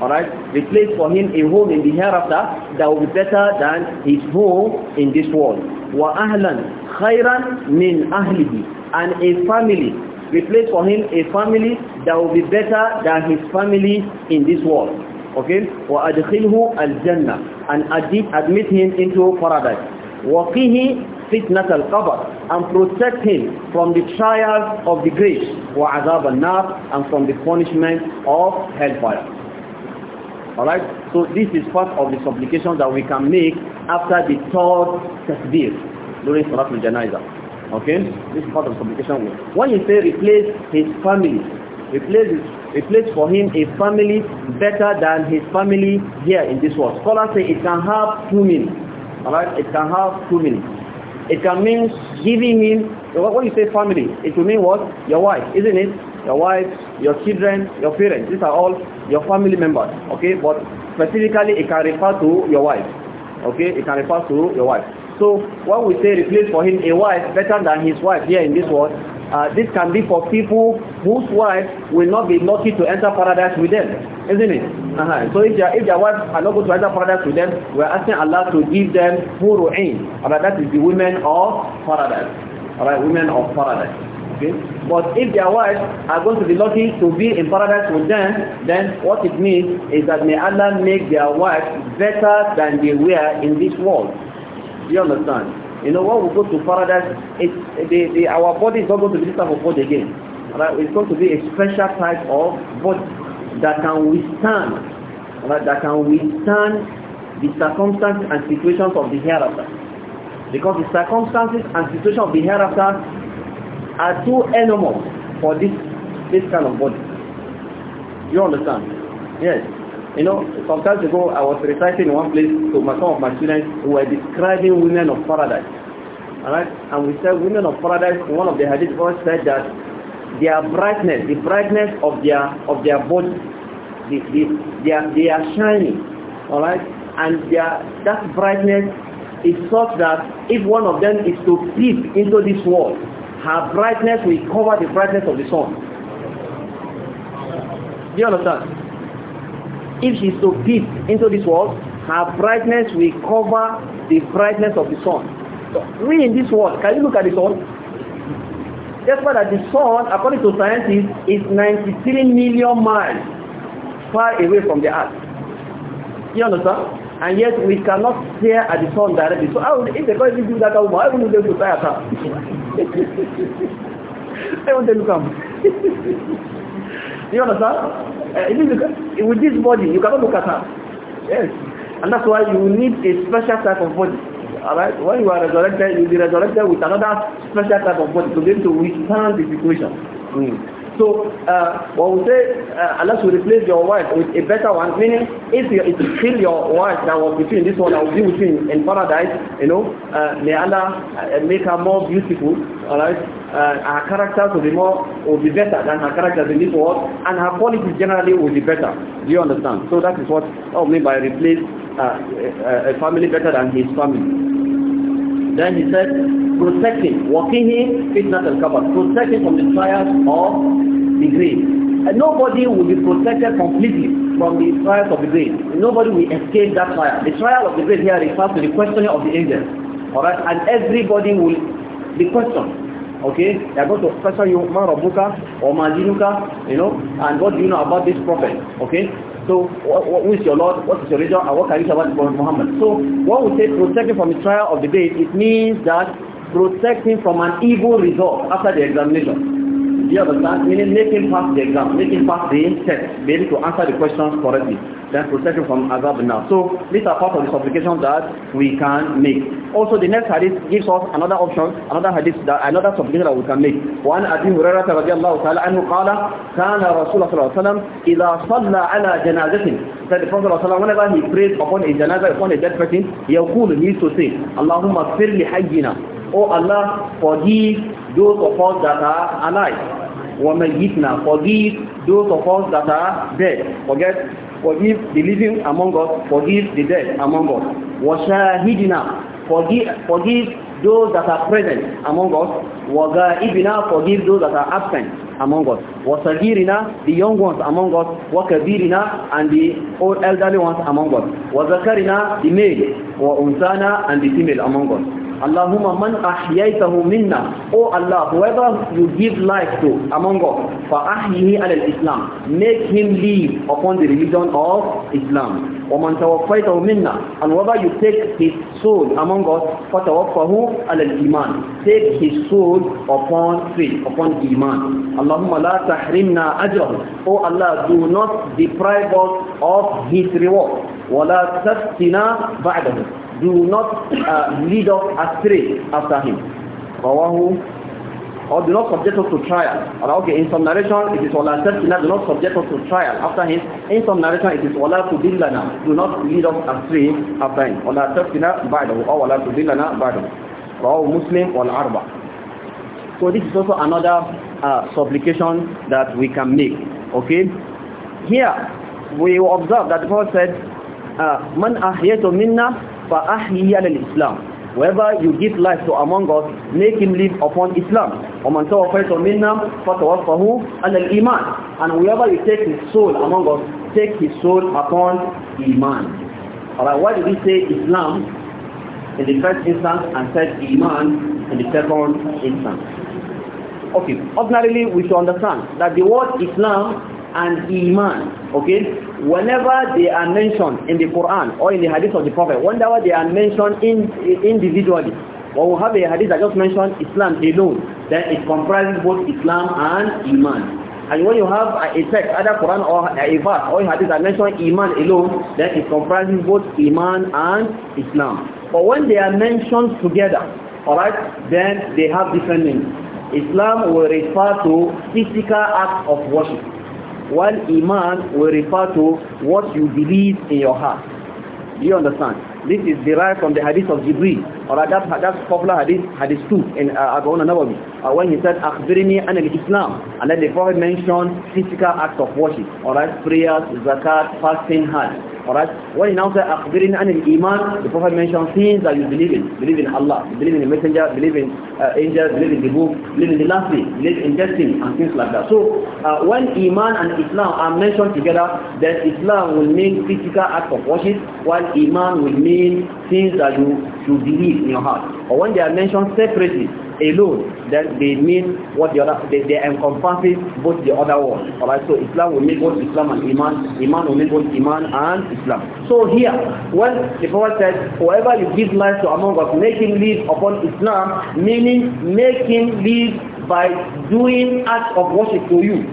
all right replace for him a home in the hereafter that will be better than his home in this world wa ahlan khayran min ahlihi and a family replace for him a family that will be better than his family in this world okay wa adkhilhu al-jannah and admit him into paradise wa qihi fitnat al and protect him from the trials of the grave wa azab an-nar and from the punishment of hellfire alright so this is part of the supplication that we can make after the third tasbih during salat al okay this is part of the supplication when you say replace his family replace his a place for him, a family better than his family here in this world. Scholars say it can have two meanings. All right, it can have two meanings. It can mean giving him, what you say family, it will mean what? Your wife, isn't it? Your wife, your children, your parents, these are all your family members, okay? But specifically, it can refer to your wife, okay? It can refer to your wife. So, what we say replace for him a wife better than his wife here in this world, uh, this can be for people whose wives will not be lucky to enter paradise with them, isn't it? Uh -huh. So if their, if their wives are not going to enter paradise with them, we are asking Allah to give them huru'in. Alright, that is the women of paradise. Alright, women of paradise. Okay? But if their wives are going to be lucky to be in paradise with them, then what it means is that may Allah make their wives better than they were in this world. Do you understand? You know, when we go to paradise, it, the, the, our body is not going to be this type of body again. Right? It's going to be a special type of body that can withstand, right? that can withstand the circumstances and situations of the hereafter. Because the circumstances and situations of the hereafter are too enormous for this, this kind of body. You understand? Yes. You know, some time ago I was reciting in one place to my, some of my students who were describing women of paradise. Alright? And we said women of paradise, one of the hadith verse said that their brightness, the brightness of their of their body, the, the, they, are, they are shining. Alright? And their, that brightness is such that if one of them is to peep into this world, her brightness will cover the brightness of the sun. Do you understand? if she so to peep into this world, her brightness will cover the brightness of the sun. So, we in this world, can you look at the sun? Despite that the sun, according to scientists, is 93 million miles far away from the earth. You understand? And yet we cannot stare at the sun directly. So how, if they can't do that, why wouldn't they look at her? Why would they look at you understand? Eh, with this body, you cannot look at her. Yes. And that's why you need a special type of body. Alright? When you are resurrected, you'll be resurrected with another special type of body to be able to withstand the situation. Mm. So uh, when we say uh, unless you replace your wife with a better one, meaning if you if you kill your wife that was between this one that will be with you in paradise, you know, uh, may Allah uh, make her more beautiful, alright. Uh, her character will be more will be better than her character in this world, and her quality generally will be better. Do you understand? So that is what I mean by replace uh, a, a family better than his family. Then he said, protect walking him, fitness and cover, protect from the trials of the grave. And nobody will be protected completely from the trials of the grave. Nobody will escape that trial. The trial of the grave here refers to the questioning of the angels. Alright, and everybody will be questioned okay they are going to question you ma or ma you know and what do you know about this prophet okay So who is your Lord? What is your religion? And what can you say about Muhammad? So what we say protecting from the trial of the day. It means that protecting from an evil result after the examination. The other side Meaning making pass the exam, making pass the test, be able to answer the questions correctly. Then protection from azab now. So these are part of the supplications that we can make. Also the next hadith gives us another option, another hadith, that, another supplication that we can make. One أبي هريرة رضي Taala تعالى عنه قال Rasulullah Sallallahu الله صلى الله عليه وسلم إذا صلى said the Prophet Sallallahu ﷺ, whenever he prays upon a janazah, upon a dead person, he used to say, Allahumma fir li hayyina. Oh Allah, forgive those of us that are alive وَمَيِّتْنَا Forgive those of us that are dead. Forget, forgive the living among us, forgive the dead among us. وَشَاهِدْنَا Forgive, forgive those that are present among us. وَغَائِبْنَا Forgive those that are absent among us. وَصَغِيرِنَا The young ones among us. وَكَبِيرِنَا And the old elderly ones among us. وَذَكَرِنَا The male. وَأُنْثَانَا And the female among us. Allahumma man ahyaytahu minna. Oh Allah, whoever you give life to among us, fa'ahyihi ala الإسلام islam Make him live upon the religion of Islam. وَمَنْ تَوَفَّيْتَهُ مِنَّا And whoever you take his soul among us, فَتَوَفَّهُ عَلَى الْإِيمَانِ Take his soul upon faith, upon iman. Allahumma la tahrimna ajrahu. Oh Allah, do not deprive us of his reward. وَلَا تَفْتِنَا بَعْدَهُ do not uh, lead us astray after him. Rawahu or do not subject us to trial. Or okay, in some narration it is wala tasina, do not subject us to trial after him. In some narration it is wala tudillana, do not lead us astray after him. Wala tasina ba'dahu or wala tudillana ba'dahu. Rawahu Muslim wal arba. So this is also another uh, supplication that we can make. Okay? Here we observe that the Prophet said, uh, man ahyatu minna فأحيي على Islam, Whoever you give life to among us, make him live upon Islam. man, وَمَنْ تَوَفَيْتُ مِنَّا فَتَوَفَّهُ al iman, And whoever you take his soul among us, take his soul upon Iman. Alright, why did he say Islam in the first instance and said Iman in the second instance? Okay, ordinarily we should understand that the word Islam and Iman Okay? Whenever they are mentioned in the Quran or in the hadith of the Prophet, whenever they are mentioned in, individually, or we have a hadith that just mentioned Islam alone, then it comprises both Islam and Iman. And when you have a text, either Quran or a verse or a hadith that mentions Iman alone, then it comprises both Iman and Islam. But when they are mentioned together, alright, then they have different meanings. Islam will refer to physical acts of worship. While Iman will refer to what you believe in your heart. Do you understand? This is derived from the hadith of Jibreel, or that, that popular hadith, hadith 2 in uh, Abu Nawawi, uh, when he said, Akhbirni an al-Islam, and then the Prophet mentioned physical acts of worship, All right, prayers, zakat, fasting, hajj. Alright? When he now says Akhbirin an iman the Prophet mentioned things that you believe in. Believe in Allah, believe in the messenger, believe in uh, angels, believe in the book, believe in the last thing, believe in destiny and things like that. So uh, when Iman and Islam are mentioned together, then Islam will mean physical acts of worship, while Iman will mean things that you you believe in your heart. Or when they are mentioned separately, alone, then they mean what the other, they, they encompasses both the other one. Alright, so Islam will mean both Islam and Iman, Iman will mean both Iman and Islam. So here, when the Prophet says, whoever you give life to among us, make him live upon Islam, meaning make him live by doing acts of worship to you.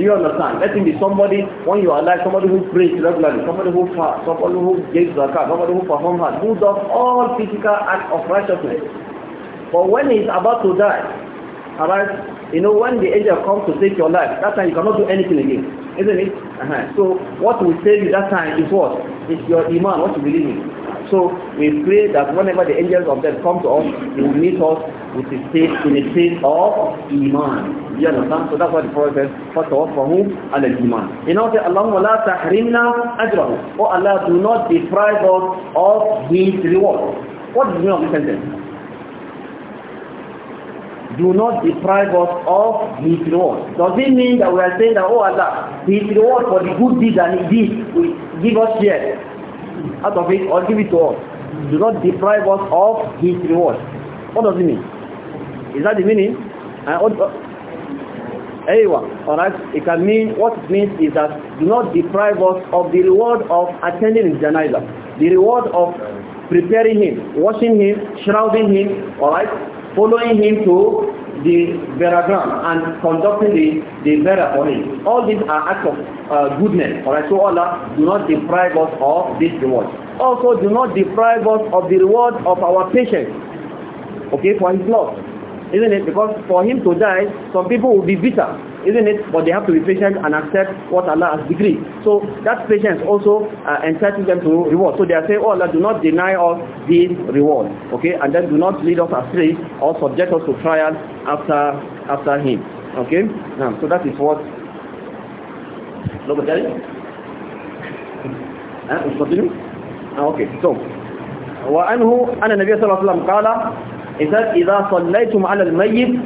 Do you understand? Let him be somebody, when you are alive, somebody who prays regularly, somebody who fasts, somebody who gives car, somebody who perform hard, who does all physical act of righteousness. But when he is about to die, alright, you know, when the angel comes to take your life, that time you cannot do anything again, isn't it? Uh -huh. So what will save you that time is what? is your iman, what you believe in. So we pray that whenever the angels of death come to us, they will meet us with a state in a state of iman. You understand? So that's why the Prophet says. First of all, for whom? Al iman. In order, Allahumma la tahrimna ajrahu. Oh Allah, do not deprive us of his reward. What is the meaning of this sentence? Do not deprive us of his reward. Does it mean that we are saying that, oh Allah, his reward for the good deed that he did will give us share? out of it or give it to us. Do not deprive us of his reward. What does it mean? Is that the meaning? Uh, uh, Anyone, all right? it can mean, what it means is that do not deprive us of the reward of attending his janaiza, the reward of preparing him, washing him, shrouding him, all right, following him to the veragram and conducting the, the vera for him. All these are acts of uh, goodness. Alright, so Allah, do not deprive us of this reward. Also, do not deprive us of the reward of our patience. Okay, for his love. Isn't it? Because for him to die, some people will be bitter. isn't it? But they have to be patient and accept what Allah has decreed. So that patience also uh, entitles them to reward. So they are saying, oh Allah, do not deny us this reward, okay? And then do not lead us astray or subject us to trial after after Him, okay? Um, so that is what... Look at that. Continue. Ah, okay, so... وعنه أن النبي صلى الله عليه وسلم قال إذا صليتم على الميت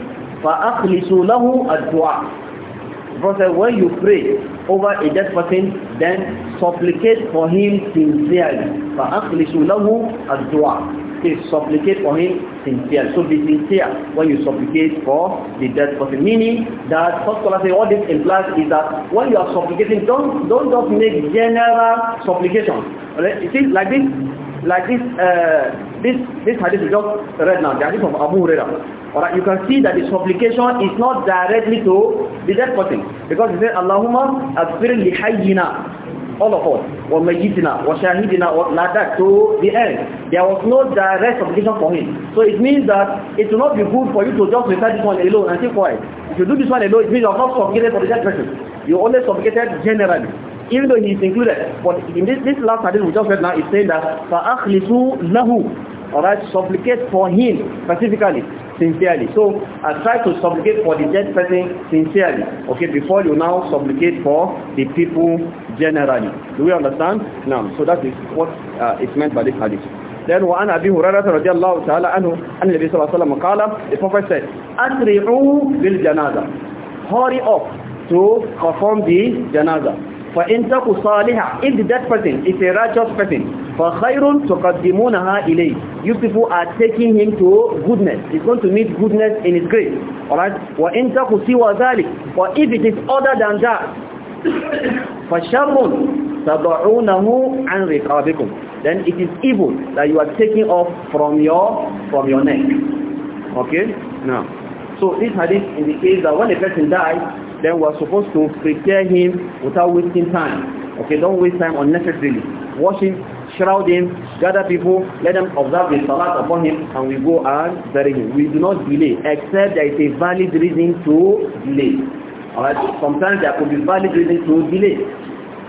فأخلصوا له الدعاء The Prophet when you pray over a dead person, then supplicate for him sincerely. فَأَخْلِشُ لَهُ الدُّعَى say supplicate for him sincerely. So be sincere when you supplicate for the dead person. Meaning that first scholar say all this implies is that when you are supplicating, don't don't just make general supplication. Right? You see, like this, like this, uh, this this hadith we just read now, the hadith of Abu Hurairah. Alright, you can see that the supplication is not directly to the dead person. Because he said, Allahumma asfir li All of us. Wa mayyitina, wa shahidina, wa like to the end. There was no direct supplication for him. So it means that it will not be good for you to just recite this one alone and keep quiet. If you do this one alone, it means you are not supplicated for the dead person. You only supplicated generally even though he is included. But in this, this last hadith we just read now, it's saying that فَأَخْلِصُوا لَهُ alright, supplicate for him specifically, sincerely. So I try to supplicate for the dead person sincerely, okay, before you now supplicate for the people generally. Do we understand? Now, so that is what uh, is meant by this hadith. Then وعن أبي هريرة رضي الله تعالى عنه أن the صلى الله عليه وسلم قال the prophet said أسرعوا بالجنازة hurry up to perform the janaza فإن تكو صالحة if the dead person is a righteous person For khairun tuqaddimunaha ilay. You people are taking him to goodness. He's going to meet goodness in his grave. Alright? Wa in taku siwa dhalik. For if it is other than that, fasharrun tad'unahu an riqabikum. Then it is evil that you are taking off from your from your neck. Okay? Now. So this hadith indicates that when a person dies, then we are supposed to prepare him without wasting time. Okay, don't waste time unnecessarily. Wash him shroud him, gather people, let them observe the salat upon him, and we go and bury him. We do not delay, except there is a valid reason to delay. Alright, sometimes there could be valid reason to delay.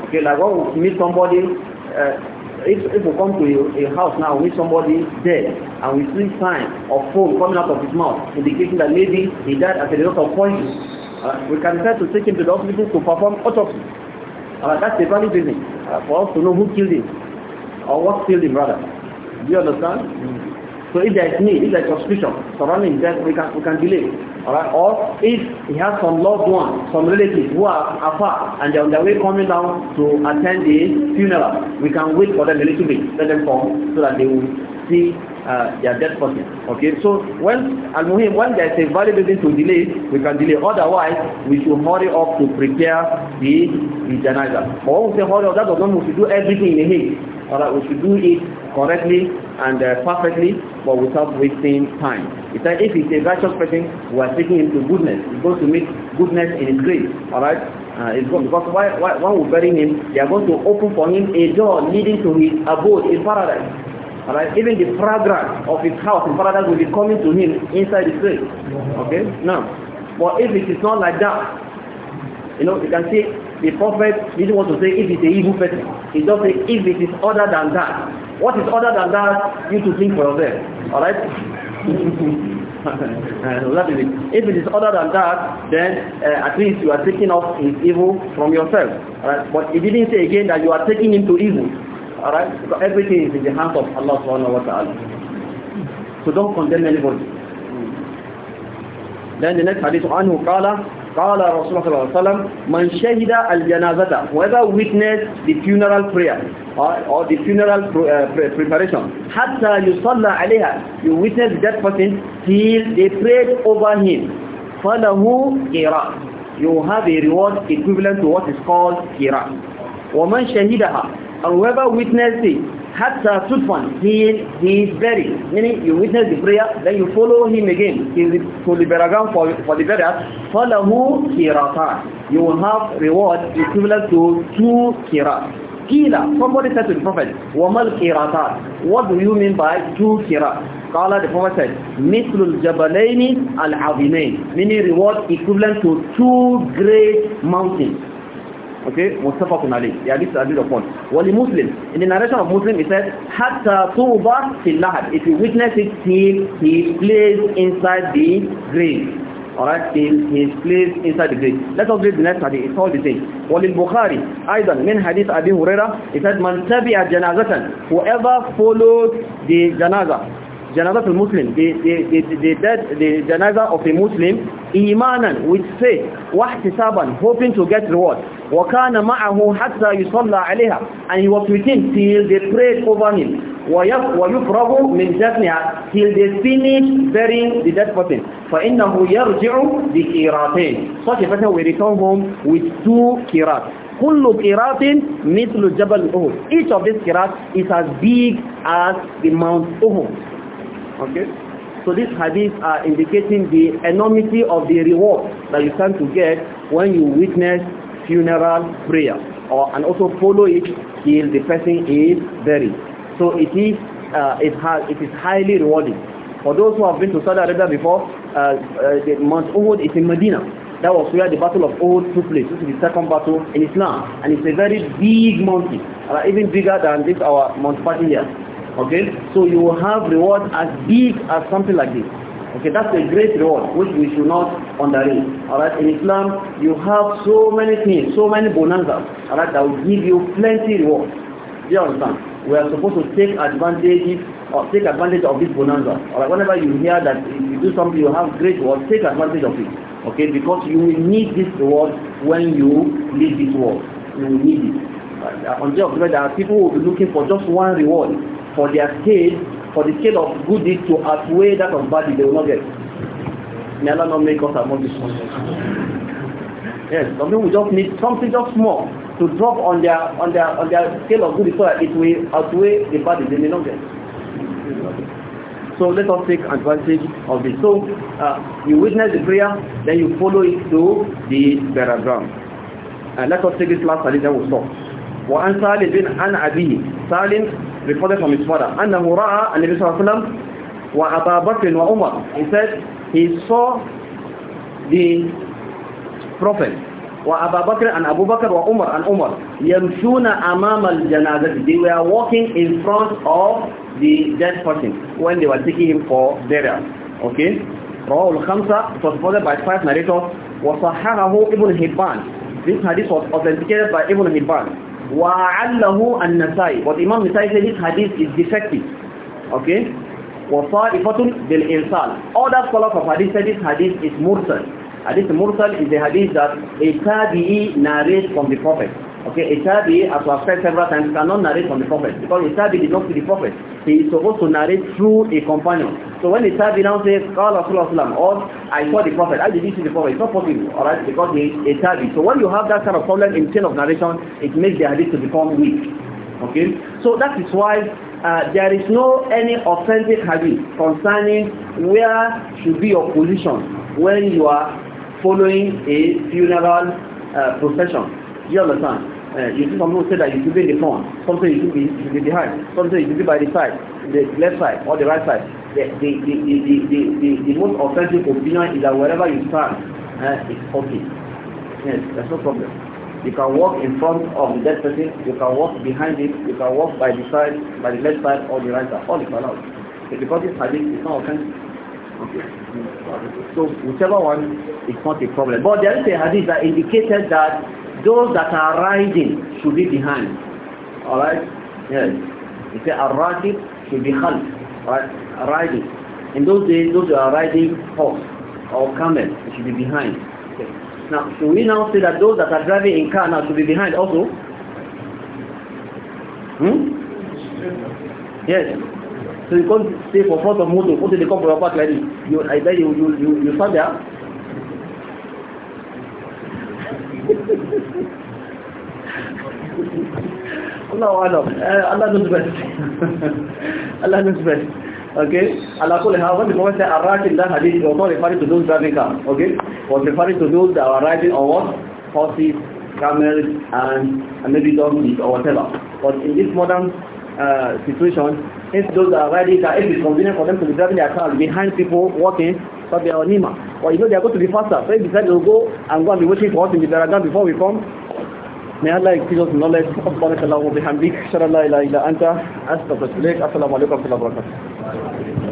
Okay, like when we meet somebody, uh, if, if we come to a, a house now, we meet somebody dead, and we see sign of foam coming out of his mouth, indicating that maybe he died as a result of poison, uh, we can try to take him to the hospital to perform autopsy. Uh, that's a valid reason uh, for us to know who killed him or what killed him brother? Do you understand? So if there is need, if there is suspicion surrounding death, we can, we can delay. Alright? Or if he has some loved one, some relatives who are afar and they are on their way coming down to attend the funeral, we can wait for them a little bit, let them come so that they will see uh, their dead person. Okay, so when Al-Muhim, when there is a valid reason to delay, we can delay. Otherwise, we should hurry up to prepare the, the janaza. Or we say hurry up, that does not mean we should do everything in a haste. Alright, we should do it correctly and uh, perfectly, but without wasting time. It's like if it's a righteous person, we are taking him to goodness. He's going to meet goodness in his All right, Uh, it's going, because why, why, when we bury him, they are going to open for him a door leading to his abode in paradise. Right, Even the fragrance of his house in paradise will be coming to him inside his grave. Okay? Now, but if it is not like that, you know, you can see the prophet didn't want to say if it's evil person. He just say if it is other than that. What is other than that, you to think for yourself. Alright? if it is other than that, then uh, at least you are taking off his evil from yourself. Alright? But he didn't say again that you are taking him to evil. Alright? So everything is in the hands of Allah subhanahu wa ta'ala. So don't condemn anybody. Then the next hadith, Anhu قال قال Rasulullah الله صلى الله عليه وسلم من whoever witnessed the funeral prayer or, or the funeral pr uh, pr preparation حتى يصلى عليها you witness that person till they prayed over him فله قراء you have a reward equivalent to what is called قراء ومن شهدها whoever witnessed it, Hatta a he is, he is buried. Meaning, you witness the prayer, then you follow him again in the, to the baragan for, for the burial. Falahu kiratan. You will have reward equivalent to two kirat. Kila, somebody said to the Prophet, Wamal الْكِرَاتَات What do you mean by two kirat? Kala the Prophet said, Jabalaini al العظيمين meaning reward equivalent to two great mountains. okay muttafaqun alayh yeah this is agreed upon wa li muslim in the narration of muslim it says hatta tuba fil lahad if you witness it till he plays inside the grave All right, till his place inside the grave let us read the next hadith it's all the same Bukhari, ايضا من حديث ابي هريره it said man tabi'a janazatan whoever follows the janazah جنازة muslim the, the, the, the, dead the janaza of a muslim imanan with faith wahtisaban hoping to get reward وكان معه ma'ahu hatta yusalla and he was with him till they prayed over him ويفرغ من دفنها till they finish burying the dead person فإنه يرجع بكيراتين such a person will return home with two kirat كل كيرات مثل جبل أهو each of these كيرات is as big as the mount Uhud Okay? So these hadith are indicating the enormity of the reward that you stand to get when you witness funeral prayer or and also follow it till the person is buried. So it is uh, it has it is highly rewarding. For those who have been to Saudi Arabia before, uh, uh, the Mount Uhud is in Medina. That was where the Battle of Uhud took place. This is the second battle in Islam, and it's a very big mountain, uh, even bigger than this our Mount Fatih here. Okay? So you will have reward as big as something like this. Okay, that's a great reward which we should not underrate. All right, in Islam you have so many things, so many bonanza. All right, that will give you plenty reward. Do you understand? We are supposed to take advantage or uh, take advantage of this bonanza. All right, whenever you hear that if you do something you have great reward, take advantage of it. Okay, because you will need this reward when you leave this world. You will need it. Right? Uh, on the day of judgment, there are people who will be looking for just one reward for their scale, for the scale of good deeds to outweigh that of bad deeds, they will not get. May Allah not make us among this ones. Yes, some people just need something just small to drop on their on their on their scale of good deeds so that it will outweigh the bad deeds, they may not get. So let us take advantage of this. So uh, you witness the prayer, then you follow it to the burial ground. And let us take this last hadith and we'll stop. وعن سالم عن أبيه سالم reported from his father, أنه رأى النبي صلى الله عليه وسلم وأبا بكر وعمر. He said he saw the prophet وأبا بكر and Abu Bakr wa Umar and Umar يمشون أمام الجنازة. They were walking in front of the dead person when they were taking him for burial. Okay? رواه الخمسة it was reported by five narrators وصححه ابن هبان. This hadith was authenticated by Ibn Hibban. وعله النسائي والإمام النسائي في this hadith is defective okay وصائفة بالإنسان that follow of hadith said this hadith is mursal hadith mursal is the hadith that a tabi'i narrates from the prophet Okay, Itabi, as we have said several times, cannot narrate from the prophet because Itabi did not see the prophet. He is supposed to narrate through a companion. So when Itabi now says, Call Rasulullah or I saw the prophet, I didn't see the prophet, it's not possible, alright, because he is Itabi. So when you have that kind of problem in chain of narration, it makes the hadith to become weak. Okay, so that is why uh, there is no any authentic hadith concerning where should be your position when you are following a funeral uh, procession. Do you understand? Uh, you see someone say that you should be in the front, some say you should be, you should be behind, some say you should be by the side, the left side or the right side. The, the, the, the, the, the, the, the most authentic opinion is that wherever you stand, uh, it's okay. Yes, that's no problem. You can walk in front of the dead person, you can walk behind it, you can walk by the side, by the left side or the right side, all is allowed. So because this hadith is not offensive. Okay. So whichever one is not a problem. But there is a hadith that indicated that those that are riding should be behind. Alright? Yes. If they are riding, should be khalf. Right? Riding. In those days, those who are riding horse or camel, should be behind. Okay. Now, should we now say that those that are driving in car now should be behind also? Hmm? Yes. So you can't say for front of motor, what do they come for your back like this? You, either you, you, you, you start there, Allahu alam. Eh, Allah knows best. Allah knows best. Okay. Allah could have one moment say Arrat that hadith was referring to those driving Okay. Was referring to those that are riding on what? Horses, camels and, and maybe donkeys or whatever. But in this modern uh, situation, Since those that are riding car, if it's convenient for them to be driving their cars behind people walking, but they are nima. Or you know they are going to be faster. So if they decide they'll go and go and be waiting for us in the Baragan before we come, May Allah give us knowledge. Subhanakallahu wa bihamdik. Shara la ilaha illa anta. Astaghfirullah. Assalamu alaikum warahmatullahi wabarakatuh.